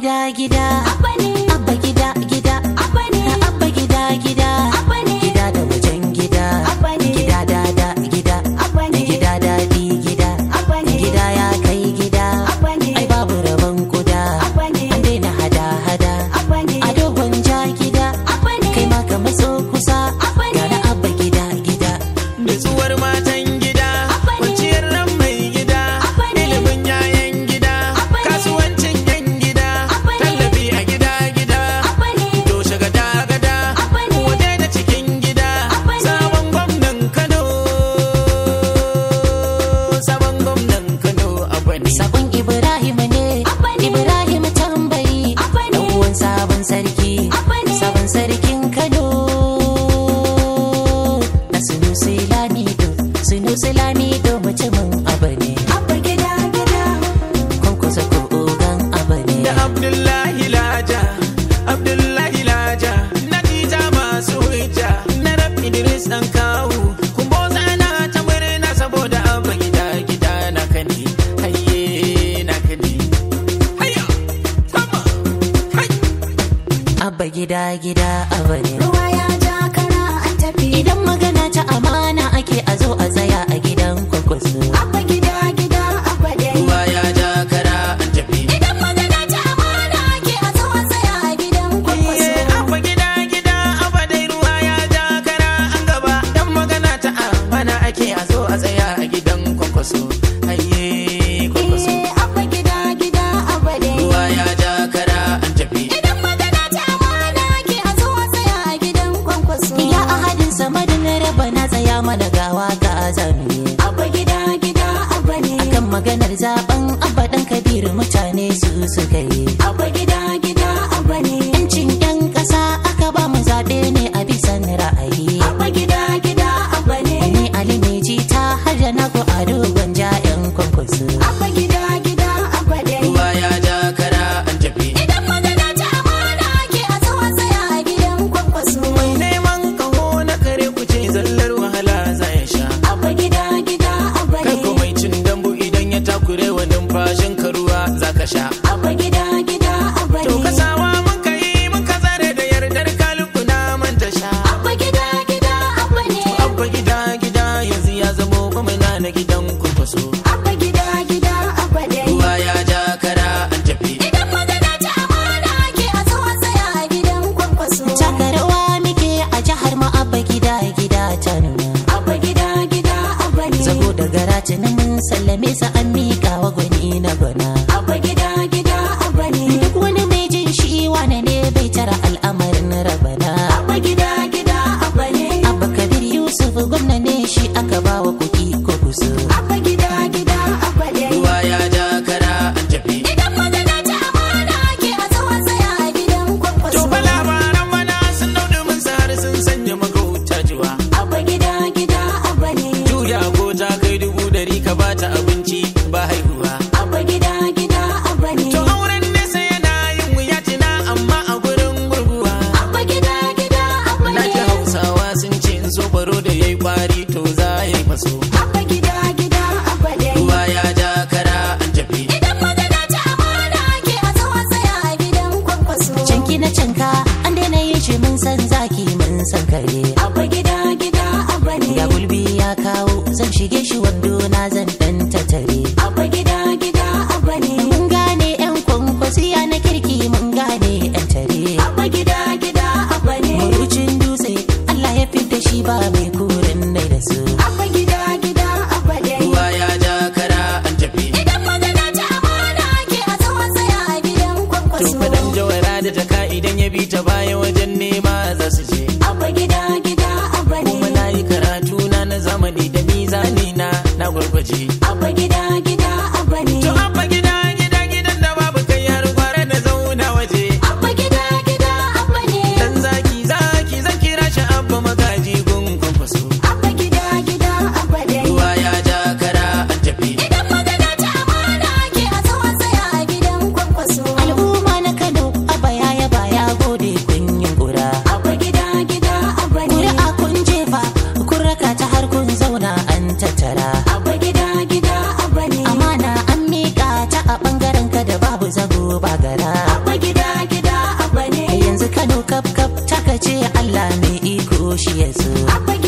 gida gida abba ne abba gida gida abba ne abba gida gida abba ne gida da wajen gida abba ne gida da da gida abba ne gida da di gida abba ne gida ya kai gida abba ne ai babu rabon kuda abba ne an na hada hada abba ne a dogon ja gida abba ne kai ma ka matso kusa gida gida a ne ruwa ya ja kara an tafi idan magana Okay. ce na mun sallame sa an miƙa wa gwani rayuwar na zan danta tare abba gida gida abba ne mun gane yan kwankwasiya na kirki mun gane ƴan tare abba gida gida abba ne murucin dutse Allah ya fita shi ba mai I break